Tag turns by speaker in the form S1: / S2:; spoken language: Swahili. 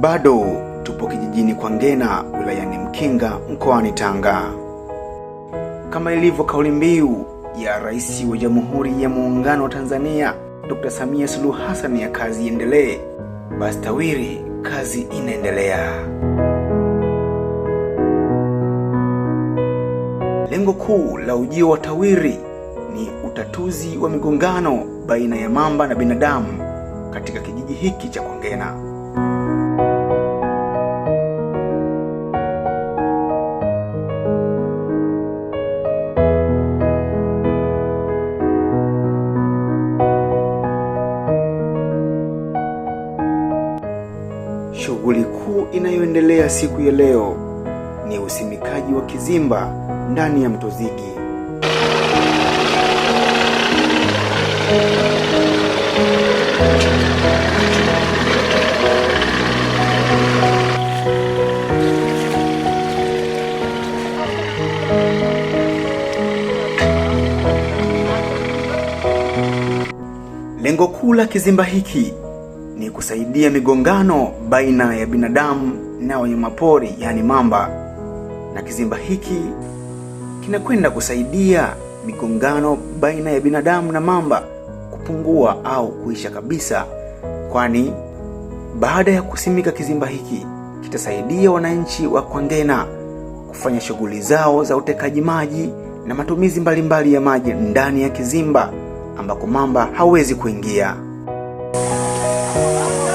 S1: Bado tupo kijijini kwa Ngena wilayani Mkinga mkoani Tanga. Kama ilivyo kauli mbiu ya Rais wa Jamhuri ya Muungano wa Tanzania Dr. Samia Suluhu hasani ya kazi iendelee, basi TAWIRI kazi inaendelea. Lengo kuu la ujio wa TAWIRI ni utatuzi wa migongano baina ya mamba na binadamu katika kijiji hiki cha Kwangena. Shughuli kuu inayoendelea siku ya leo ni usimikaji wa kizimba ndani ya mto Zigi. Lengo kuu la kizimba hiki ni kusaidia migongano baina ya binadamu na wanyamapori, yaani mamba, na kizimba hiki kinakwenda kusaidia migongano baina ya binadamu na mamba kupungua au kuisha kabisa, kwani baada ya kusimika kizimba hiki kitasaidia wananchi wa Kwangena kufanya shughuli zao za utekaji maji na matumizi mbalimbali mbali ya maji ndani ya kizimba ambako mamba hawezi kuingia. Oh,